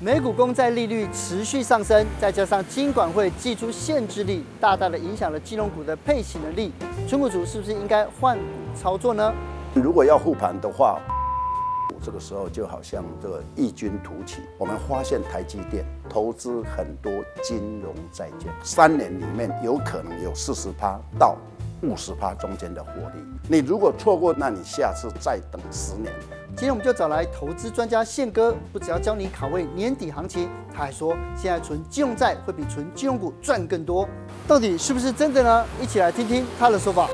美股公債利率持續上升，再加上金管會祭出限制令，大大的影響了金融股的配息能力。存股族是不是應該換股操作呢？如果要護盤的話，這個時候就好像這個異軍突起。我們發現台積電投資很多金融債券，三年裡面有可能有四十趴到五十趴中間的獲利。你如果錯過，那你下次再等十年。今天我們就找來投資專家憲哥，不只要教你卡位年底行情，他還說，現在存金融債會比存金融股賺更多，到底是不是真的呢？一起來聽聽他的說法。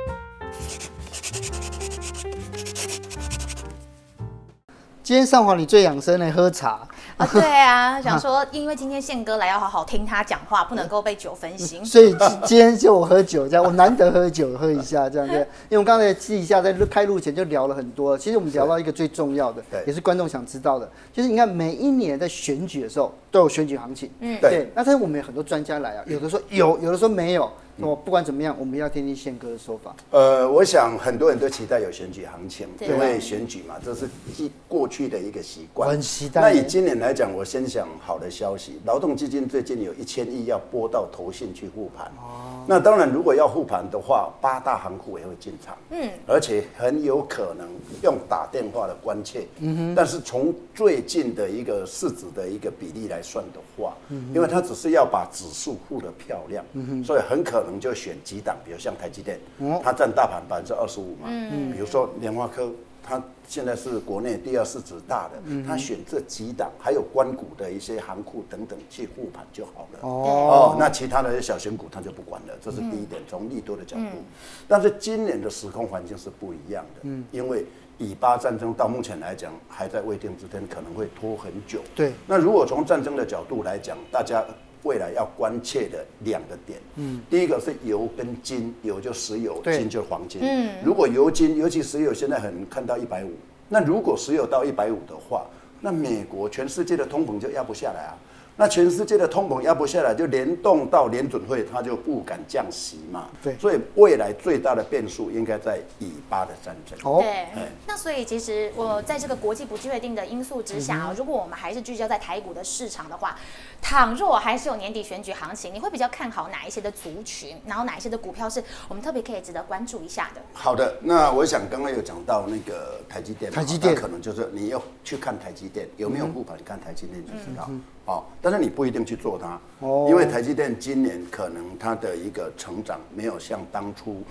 今天上午裡最養生的喝茶。啊，對啊，想說，因為今天憲哥來，要好好聽他講話，不能夠被酒分心、啊。所以今天就我喝酒，這樣我難得喝酒喝一下，這樣子、啊。因為我剛才私底下，在開錄前就聊了很多。其實我們聊到一個最重要的，也是觀眾想知道的，就是你看每一年在選舉的時候都有選舉行情，嗯，對。那但是我們有很多專家來啊，有的說有，有的說沒有。我、嗯哦、不管怎麼樣，我們要聽聽憲哥的說法。呃，我想很多人都期待有選舉行情，對啊、因為選舉嘛，這是一過去的一個習慣。很期待。那以今年來講，我先想好的消息，勞動基金最近有一千億要撥到投信去護盤。哦。那當然，如果要護盤的話，八大行庫也會進場。嗯。而且很有可能用打電話的關切。嗯。但是從最近的一個市值的一個比例來算的話，嗯，因為它只是要把指數護得漂亮。嗯。所以很可。可能就選幾檔，比如像台積電，哦、它占大盤百分之二十五嘛。嗯，嗯，比如說聯發科，它現在是國內第二市值大的。嗯，它選這幾檔，還有官股的一些行庫等等去護盤就好了。哦，哦，那其他的小型股它就不管了，這是第一點，從、嗯嗯、利多的角度。嗯嗯，但是今年的時空環境是不一樣的，嗯嗯，因為以巴戰爭到目前來講還在未定之天，可能會拖很久。對，那如果從戰爭的角度來講，大家。未來要關切的兩個點，嗯，第一個是油跟金，油就石油，金就是黃金。嗯，如果油金，尤其石油現在很看到一百五，那如果石油到一百五的話，那美國全世界的通膨就壓不下來啊。那全世界的通膨壓不下來，就聯動到聯準會，它就不敢降息嘛。對，所以未來最大的變數應該在以巴的戰爭。對。對。那所以其實我在這個國際不確定的因素之下，嗯，如果我們還是聚焦在台股的市場的話，倘若還是有年底選舉行情，你會比較看好哪一些的族群，然後哪一些的股票是我們特別可以值得關注一下的？好的，那我想剛剛有講到那個台積電，電，台積電可能就是你要去看台積電有沒有護盤，看台積電就知道。嗯嗯哦，但是你不一定去做它、哦，因為台積電今年可能它的一個成長沒有像當初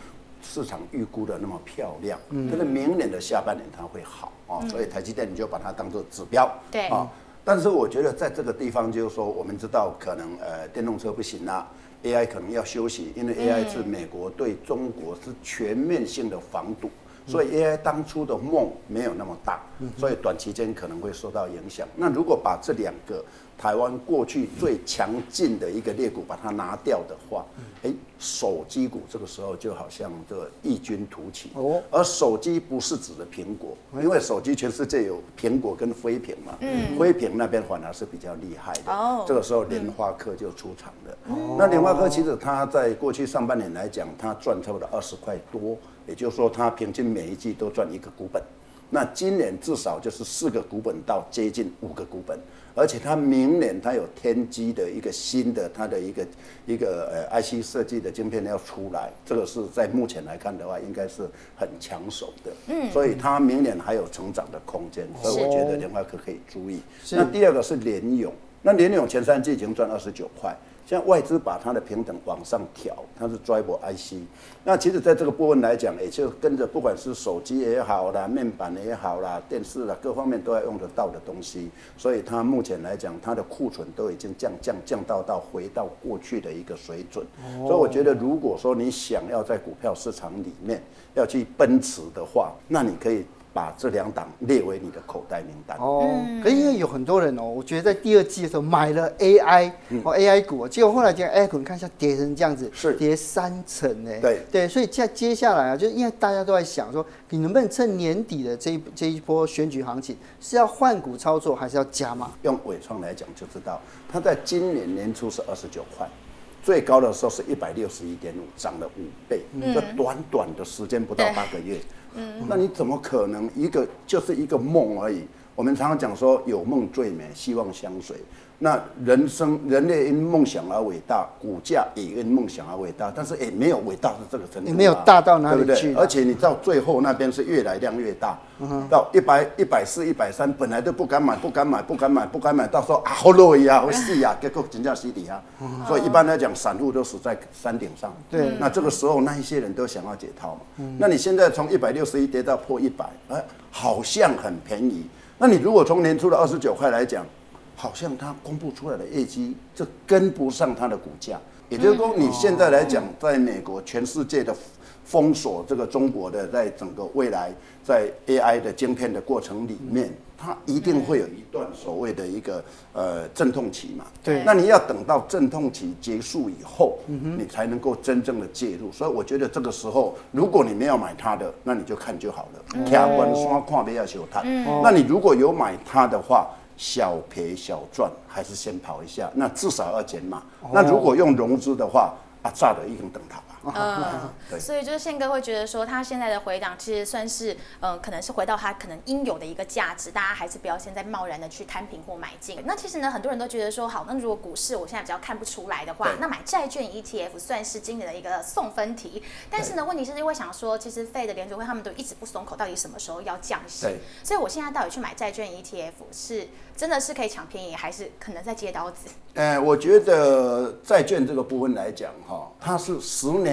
市場預估的那麼漂亮，嗯、但是明年的下半年它會好哦、嗯，所以台積電你就把它當做指標，嗯哦、對啊。但是我覺得在這個地方就是說，我們知道可能呃電動車不行啦、啊、AI 可能要休息，因為 AI、嗯、是美國對中國是全面性的防堵，嗯、所以 AI 當初的夢沒有那麼大、嗯，所以短期間可能會受到影響。嗯、那如果把這兩個台灣過去最強勁的一個類股，把它拿掉的話，欸、手機股這個時候就好像這異軍突起。哦、而手機不是指的蘋果，因為手機全世界有蘋果跟非蘋嘛。嗯。非蘋那邊反而是比較厲害的。哦、這個時候，聯發科就出場了。哦、那聯發科其實它在過去上半年來講，它賺差不多二十塊多，也就是說它平均每一季都賺一個股本。那今年至少就是四個股本到接近五個股本，而且它明年它有天璣的一個新的它的一個一個呃 IC 設計的晶片要出來，這個是在目前來看的話應該是很搶手的，嗯，所以它明年還有成長的空間，所以我覺得聯發科可以注意。那第二個是聯詠，那聯詠前三季已經賺二十九塊。像外資把它的平等往上調，它是 Driver IC，那其實在這個部分來講，也就跟着不管是手機也好啦，面板也好啦，電視啦各方面都要用得到的東西，所以它目前來講，它的庫存都已經降降降到到回到過去的一個水準，oh. 所以我覺得如果說你想要在股票市場裡面要去奔馳的話，那你可以。把這兩檔列為你的口袋名單哦。嗯、可是因為有很多人哦、喔，我覺得在第二季的時候買了 AI 或、嗯喔、AI 股、喔，結果後來這個 AI 股，哎，你看一下跌成這樣子，是跌三成呢？對對，所以在接下來啊，就是因為大家都在想說，你能不能趁年底的這一這一波選舉行情是要換股操作，還是要加碼？用緯創來講就知道，它在今年年初是二十九塊，最高的時候是一百六十一點五，漲了五倍，那、嗯、短短的時間不到八個月。那你怎麼可能一個就是一個夢而已？我們常常講說，有夢最美，希望相隨。那人生，人類因夢想而偉大，股價也因夢想而偉大。但是，哎、欸，沒有偉大的這個真理、啊。沒有大到哪裡去對不對？而且，你到最後那邊是越來量越大、嗯，到一百、一百四、一百三，本來都不敢買，不敢買，不敢買，不敢買。到時候啊，好累呀、啊，好細呀、啊， 結果人家洗底呀。所以，一般來講，散戶都死在山頂上。對，那這個時候，那一些人都想要解套、嗯、那你現在從一百六十一跌到破一百，好像很便宜。那你如果從年初的二十九塊來講，好像它公布出來的業績就跟不上它的股價，也就是說，你現在來講，在美國全世界的封鎖這個中國的，在整個未來在 AI 的晶片的過程裡面。嗯它一定會有一段所謂的一個呃陣痛期嘛，對，那你要等到陣痛期結束以後，嗯哼，你才能夠真正的介入。所以我覺得這個時候，如果你沒有買它的，那你就看就好了，跳完雙跨不要求它。那你如果有買它的話，小賠小賺還是先跑一下，那至少要減碼。那如果用融資的話，啊，炸了，一定等它。嗯，所以就是憲哥會覺得說，他現在的回檔其實算是嗯，可能是回到他可能應有的一個價值。大家還是不要現在貿然的去攤平或買進。那其實呢，很多人都覺得說，好，那如果股市我現在比較看不出來的話，那買債券 ETF 算是今年的一個送分題。但是呢，問題是因為想說，其實 Fed 的聯儲會他們都一直不鬆口，到底什麼時候要降息？所以，我現在到底去買債券 ETF 是真的是可以搶便宜，還是可能在接刀子？呃、欸、我覺得債券這個部分來講，哈，它是十年。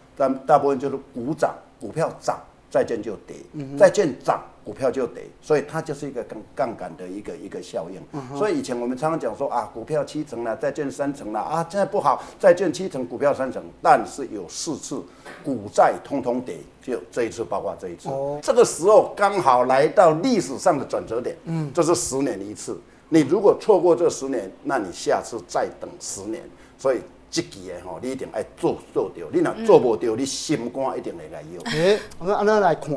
但大部分就是股漲，股票漲，債券就跌；嗯，債券漲，股票就跌，所以它就是一個槓槓桿的一個一個效應、嗯。所以以前我們常常講說啊，股票七成了、啊，債券三成了啊，啊，現在不好，債券七成，股票三成，但是有四次股債通通跌，就這一次，包括這一次。哦，這個時候剛好來到歷史上的轉折點，嗯，這，就是十年一次。你如果錯過這十年，那你下次再等十年。所以。積極的吼，你一定要做做到，你若做不到、嗯，你心肝一定會來用。誒、欸，我按咱、啊、來看，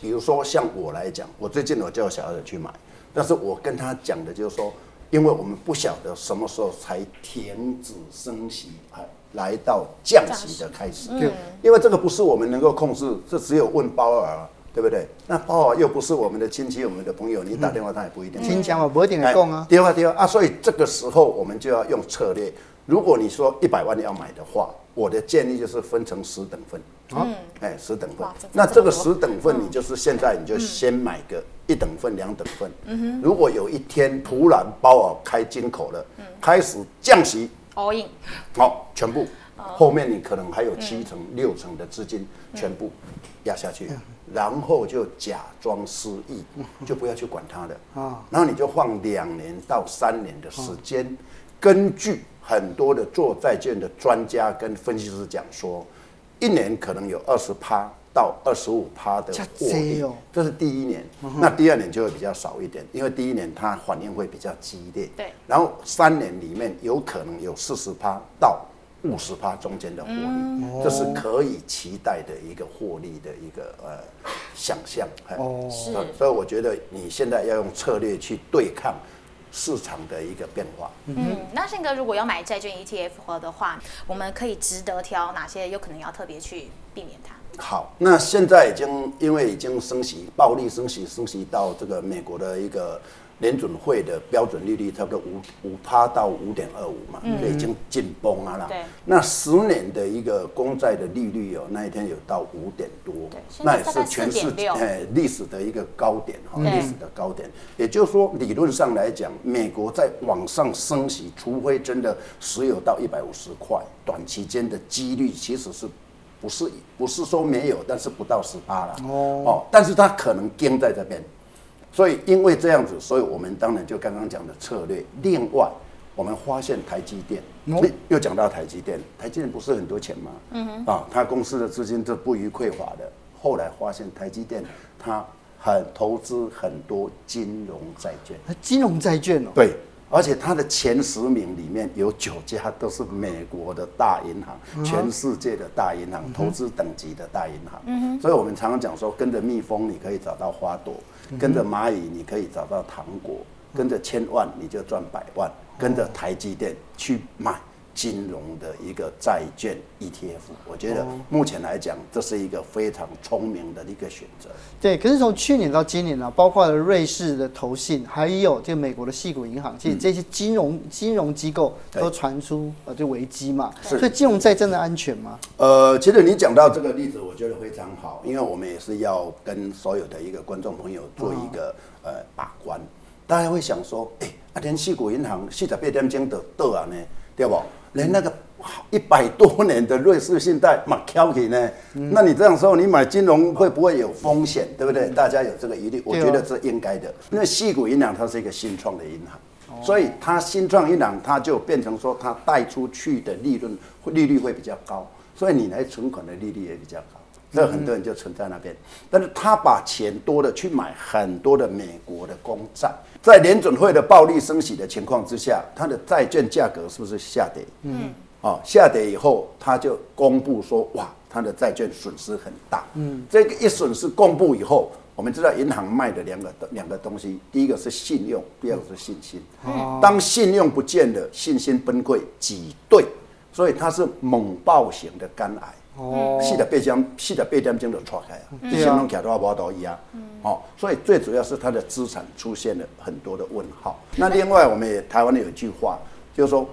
比如說像我來講，我最近我叫我小兒子去買，但是我跟他講的就是說，因為我們不曉得什麼時候才停止升息啊，來到降息的開始、嗯，因為這個不是我們能夠控制，這只有問鮑爾。對不對？那鮑爾又不是我們的親戚、嗯，我們的朋友，你打電話他也不一定。經常我不一定來講啊。電話電話啊，所以這個時候我們就要用策略。如果你說一百萬要買的話，我的建議就是分成十等份、嗯。嗯。哎，十等份。那這個十等份、嗯，你就是現在你就先買個一等份、嗯、兩等份、嗯。如果有一天突然鮑爾開金口了、嗯，開始降息。All in。好，全部、哦。後面你可能還有七成、嗯、六成的資金、嗯、全部壓下去。嗯然後就假裝失憶，就不要去管他了啊、嗯。然後你就放兩年到三年的時間，嗯、根據很多的做債券的專家跟分析師講說，一年可能有二十趴到二十五趴的獲利、哦，這是第一年、嗯。那第二年就會比較少一點，因為第一年它反應會比較激烈。對，然後三年裡面有可能有四十趴到。五十趴中間的獲利，嗯，這是可以期待的一個獲利的一個呃想象哦、呃呃哦呃，是，所以我覺得你現在要用策略去對抗市場的一個變化。嗯，嗯那憲哥如果要買債券 ETF 的話，我們可以值得挑哪些？有可能要特別去避免它。好，那現在已經因為已經升息，暴力升息，升息到這個美國的一個。聯準會的標準利率差不多五五趴到五點二五嘛、嗯，已經緊繃啊了啦。那十年的一個公債的利率哦，那一天有到五點多，那也是全世界誒、哎、歷史的一個高點哈，歷史的高點。也就是說，理論上來講，美國在往上升息，除非真的石油到一百五十塊，短期間的幾率其實是不是不是說沒有，但是不到十趴了哦，但是它可能盯在這邊。所以因為這樣子，所以我們當然就剛剛講的策略。另外，我們發現台積電，又講到台積電，台積電不是很多錢嗎？嗯哼，啊，他公司的資金是不虞匱乏的。後來發現台積電，他很投資很多金融債券。那金融債券哦、喔，對。而且它的前十名裡面有九家都是美國的大銀行，全世界的大銀行，投資等級的大銀行。所以我們常常講說，跟着蜜蜂你可以找到花朵，跟着螞蟻你可以找到糖果，跟着千萬你就賺百萬，跟着台積電去買。金融的一個債券 ETF，我覺得目前來講，這是一個非常聰明的一個選擇。對，可是從去年到今年呢、啊，包括了瑞士的投信，還有這個美國的矽谷銀行，嗯、其實這些金融金融機構都傳出啊、呃，就危機嘛，所以金融債真的安全嗎？呃，其實你講到這個例子，我覺得非常好，因為我們也是要跟所有的一個觀眾朋友做一個、哦、呃把關。大家會想說，哎、欸，阿天矽谷銀行四十八點幾的倒啊？呢，對不？連那個好一百多年的瑞士信貸，馬 k o 呢、嗯？那你這樣說，你買金融會不會有風險？對不對、嗯？大家有這個疑慮、嗯，我覺得是應該的。那矽、哦、谷銀行它是一個新創的銀行、哦，所以它新創銀行，它就變成說它貸出去的利潤利率會比較高，所以你來存款的利率也比較高。這很多人就存在那邊，嗯、但是他把錢多的去買很多的美國的公債，在聯準會的暴力升息的情況之下，他的債券價格是不是下跌？嗯、哦，下跌以後，他就公布說，哇，他的債券損失很大。嗯，這個一損失公布以後，我們知道銀行賣的兩個兩個東西，第一個是信用，第二個是信心。嗯、當信用不見了，信心崩潰擠兌，所以它是猛暴型的肝癌。細的背將細的背將經都錯開啊，一些弄起來、嗯、我的話，不都一樣？哦，所以最主要是它的資產出現了很多的問號。嗯、那另外，我們也台灣有一句話，就是說，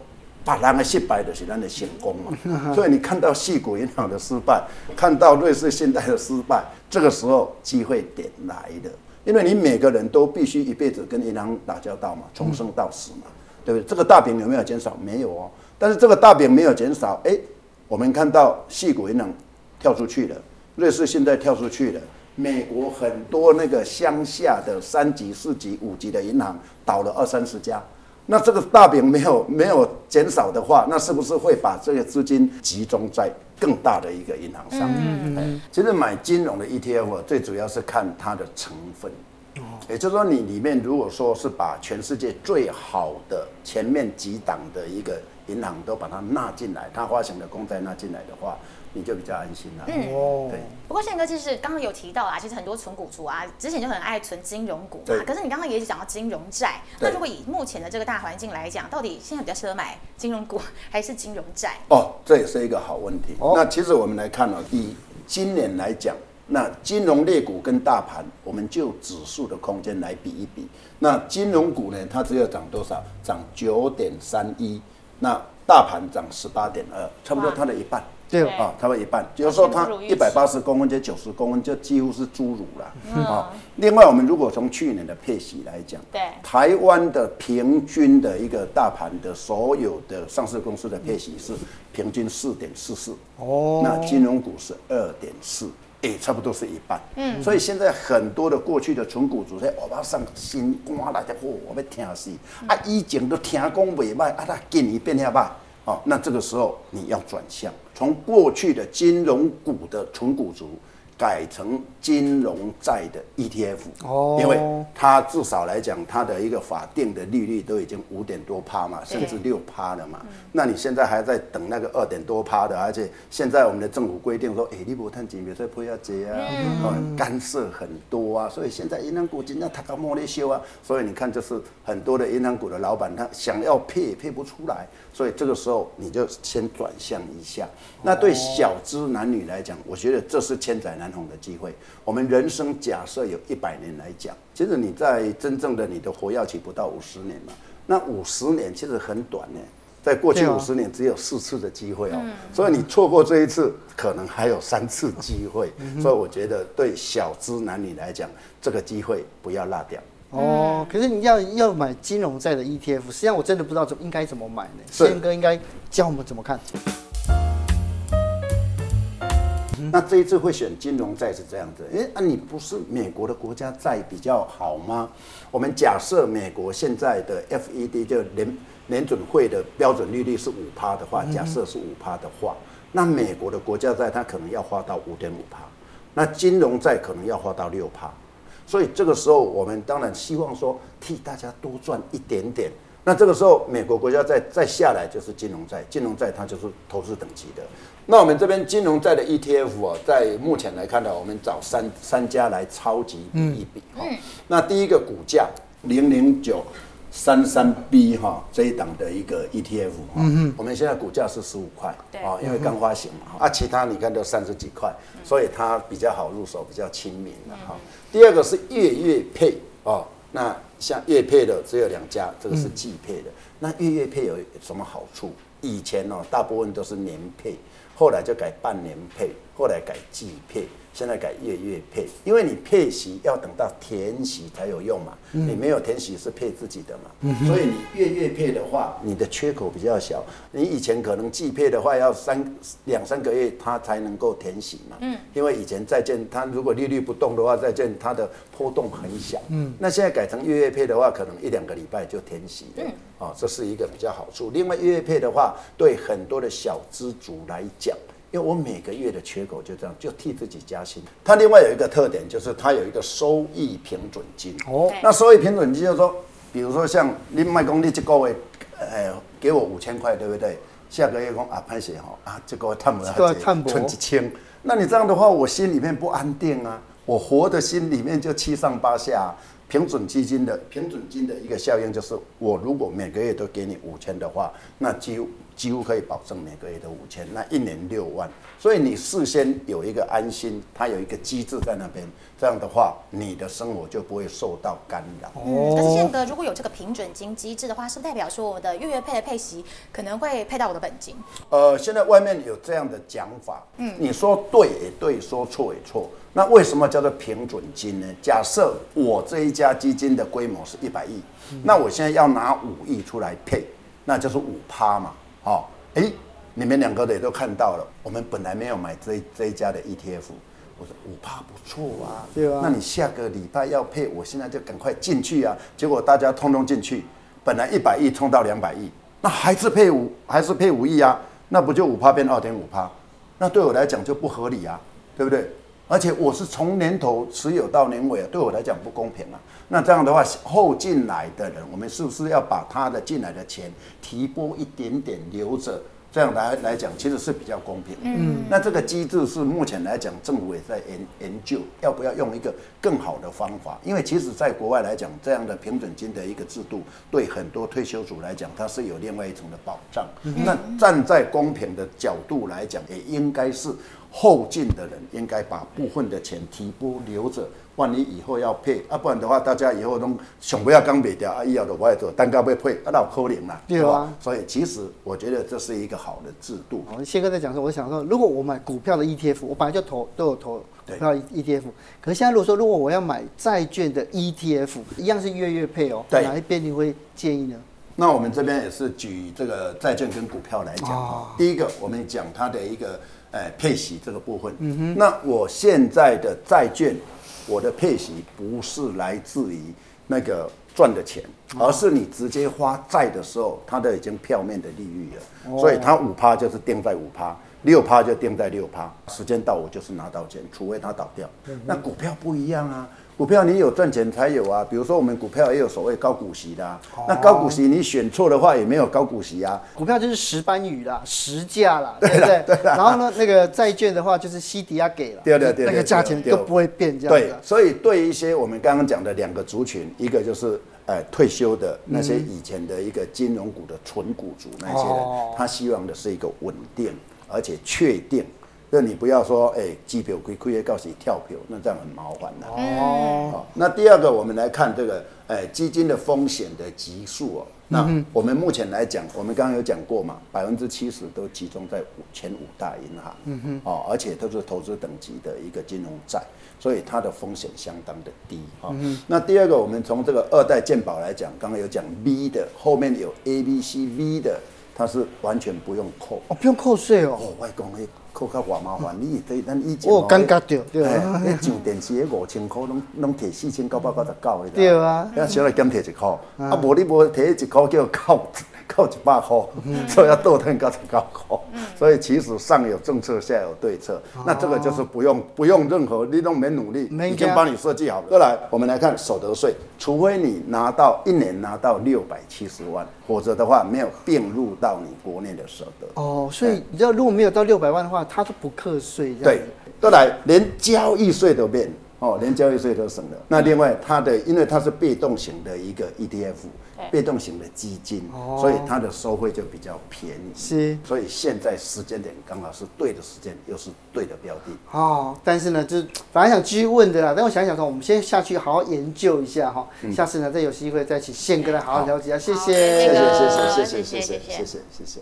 把兩個失敗是們的是咱的成功嘛。 所以你看到矽谷銀行的失敗，看到瑞士信貸的失敗，這個時候機會點來的，因為你每個人都必須一輩子跟銀行打交道嘛，從生到死嘛，對不對？這個大餅有沒有減少？沒有哦，但是這個大餅沒有減少，哎、欸。我們看到矽谷銀行跳出去了，瑞士信貸跳出去了，美國很多那個鄉下的三級、四級、五級的銀行倒了二三十家，那這個大餅沒有沒有減少的話，那是不是會把這個資金集中在更大的一個銀行上？嗯嗯，其實買金融的 ETF 最主要是看它的成分。也就是說，你裡面如果說是把全世界最好的前面幾檔的一個銀行都把它納進來，它發行的公債納進來的話，你就比較安心了、啊。嗯，對。哦、不過憲哥其實剛剛有提到啊，其實很多存股族啊，之前就很愛存金融股嘛，嘛。可是你剛剛也講到金融債，那如果以目前的這個大環境來講，到底現在比較適合買金融股還是金融債？哦，這也是一個好問題。哦、那其實我們來看呢、啊，以今年來講。那金融類股跟大盤，我們就指數的空間來比一比。那金融股呢，它只有漲多少？漲九點三一。那大盤漲十八點二，差不多它的一半。哦、對啊，差不多一半。就是說它一百八十公分，就九十公分就幾乎是侏儒了啊。另外，我們如果從去年的配息來講，台灣的平均的一個大盤的所有的上市公司的配息是平均四點四四。哦，那金融股是二點四。哎、欸，差不多是一半，嗯，所以現在很多的過去的存股族我、哦，我要上新關來的貨，我要聽戲啊，以前都聽公尾脈啊，他給你變掉吧，哦，那這個時候你要轉向，從過去的金融股的存股族。改成金融債的 ETF，哦、oh.，因為它至少來講，它的一個法定的利率都已經五點多趴嘛，甚至六趴了嘛、欸。那你現在還在等那個二點多趴的，而且現在我們的政府規定說，哎、欸，綠緊別說不要再啊、嗯哦，干涉很多啊，所以現在銀行股真的頭殼摸咧燒啊，所以你看，就是很多的銀行股的老闆他想要配也配不出來，所以這個時候你就先轉向一下。Oh. 那對小資男女來講，我覺得這是千載難的機會，我們人生假設有一百年來講，其實你在真正的你的活躍期不到五十年嘛，那五十年其實很短呢、欸，在過去五十年只有四次的機會哦、喔啊，所以你錯過這一次，可能還有三次機會、嗯，所以我覺得對小資男女來講，這個機會不要落掉。哦，可是你要要買金融債的 ETF，實際上我真的不知道應該怎麼買呢、欸？憲哥應該教我們怎麼看？那這一次會選金融債是這樣子，哎，那、啊、你不是美國的國家債比較好嗎？我們假設美國現在的 F E D 就聯聯準會的標準利率，率是五趴的話，假設是五趴的話，那美國的國家債它可能要花到五點五趴，那金融債可能要花到六趴。所以這個時候我們當然希望說替大家多賺一點點。那這個時候，美國國家債再下來就是金融債，金融債它就是投資等級的。那我們這邊金融債的 ETF 啊，在目前來看呢，我們找三三家來超級比一比哈、嗯哦。那第一個股價零零九三三 B 哈這一檔的一個 ETF 哈、哦嗯，我們現在股價是十五塊啊，因為剛發行嘛。啊，其他你看都三十幾塊，所以它比較好入手，比較親民的哈、哦。第二個是月月配哦，那。像月配的只有兩家，這個是季配的。嗯，那月月配有什麼好處？以前呢，喔，大部分都是年配，後來就改半年配，後來改季配。現在改月月配，因為你配息要等到填息才有用嘛，嗯、你沒有填息是配自己的嘛、嗯，所以你月月配的話，你的缺口比較小。你以前可能季配的話要三兩三個月它才能夠填息嘛，嗯，因為以前債券它如果利率不動的話，債券它的波動很小，嗯，那現在改成月月配的話，可能一兩個禮拜就填息了，嗯、哦，這是一個比較好處。另外月月配的話，對很多的小資族來講。因為我每個月的缺口就這樣，就替自己加薪。他另外有一個特點，就是他有一個收益平準金。哦，那收益平準金就是說，比如說像你賣工，你這個月，呃，給我五千塊，對不對？下個月工啊，拍謝，好，啊，這個碳博存，一千，那你這樣的話，我心裡面不安定啊，我活的心裡面就七上八下啊。平準基金的平準金的一個效應就是，我如果每個月都給你五千的話，那幾乎幾乎可以保證每個月都五千，那一年六萬。所以你事先有一個安心，它有一個機制在那邊，這樣的話你的生活就不會受到干擾。哦、嗯。可是憲哥，如果有這個平準金機制的話，是不是代表說我的月月配的配息可能會配到我的本金？呃，現在外面有這樣的講法，嗯，你說對也對，說錯也錯。那為什麼叫做平準金呢？假設我這一家基金的規模是一百億，那我現在要拿五億出來配，那就是五趴嘛，哦，哎、欸，你們兩個的也都看到了，我們本來沒有買這這一家的 ETF，我說五趴不錯啊，對啊，那你下個禮拜要配，我現在就趕快進去啊，結果大家通通進去，本來一百億衝到兩百億，那還是配五還是配五億啊，那不就五趴變二點五趴，那對我來講就不合理啊，對不對？而且我是從年頭持有到年尾啊，對我來講不公平啊。那這樣的話，後進來的人，我們是不是要把他的進來的錢提撥一點點留着？這樣來來講，其實是比較公平。嗯，那這個機制是目前來講，政府也在研研究，要不要用一個更好的方法。因為其實在國外來講，這樣的平準金的一個制度，對很多退休族來講，它是有另外一層的保障。嗯，那站在公平的角度來講，也應該是後進的人應該把部分的錢提撥留着。萬一以後要配，不然的話，大家以後都上不要剛賣掉，啊以後都不愛做，單靠配，那不扣能啦、啊。對啊對吧。所以其實我覺得這是一個好的制度。憲哥在講說，我想說，如果我買股票的 ETF，我本來就投都有投對那 ETF，可是現在如果說如果我要買債券的 ETF，一樣是月月配哦對。哪一邊你會建議呢？那我們這邊也是舉這個債券跟股票來講。啊、哦。第一個，我們講它的一個、呃、配息這個部分。嗯哼。那我現在的債券。我的配息不是來自於那個賺的錢，而是你直接花債的時候，它都已經票面的利率了，所以它五趴就是定在五趴，六趴就定在六趴，時間到我就是拿到錢，除非它倒掉，那股票不一樣啊。股票你有賺錢才有啊，比如說我們股票也有所謂高股息的啊，那高股息你選錯的話也沒有高股息啊。股票就是石斑魚啦，時價啦，對不對？然後呢，那個債券的話就是西迪亞給了，對對對，那個價錢都不會變，這樣，對，所以對一些我們剛剛講的兩個族群，一個就是呃退休的那些以前的一個金融股的存股族那些人，他希望的是一個穩定而且確定。那你不要說，哎、欸，機票虧虧了，告訴你跳票，那這樣很麻煩的、啊。哦。好、哦，那第二個，我們來看這個，哎、欸，基金的風險的級數哦、嗯。那我們目前來講，我們剛剛有講過嘛，百分之七十都集中在 5, 前五大銀行。嗯哼。哦，而且都是投資等級的一個金融債，所以它的風險相當的低。哦、嗯，那第二個，我們從這個二代健保來講，剛剛有講 B 的後面有 A、B、C、V 的，它是完全不用扣。哦，不用扣稅哦。哦，外公扣較我麻煩，你也可以前、喔，哦，尷尬掉。對那、欸 欸啊、 你上電五千塊能能提四千九百九告一點。對啊，啊，小來減提一扣，啊，無、啊、你無提一扣叫扣扣一百塊，所以還倒騰到十九塊，所以其實上有政策，下有對策，哦、那這個就是不用不用任何你都沒努力，已經幫你設計好了。再來，我們來看所得稅，除非你拿到一年拿到六百七十萬，否則的話沒有併入到你國內的所得。哦，所以你知道，如果沒有到六百萬的話，啊，它都不課稅這樣。對，都來連交易稅都變哦，連交易稅都省了，嗯。那另外它的，因為它是被動型的一個 ETF，被動型的基金，哦、所以它的收費就比較便宜。是。所以現在時間點剛好是對的時間，又是對的標的。哦，但是呢，就是本來想繼續問的啦，但我想一想說，我們先下去好好研究一下哈，哦嗯。下次呢，再有機會再請，憲哥來好好了解一下。謝謝，謝謝，那個，謝謝，謝謝，謝謝，謝謝，謝謝，謝謝，謝謝。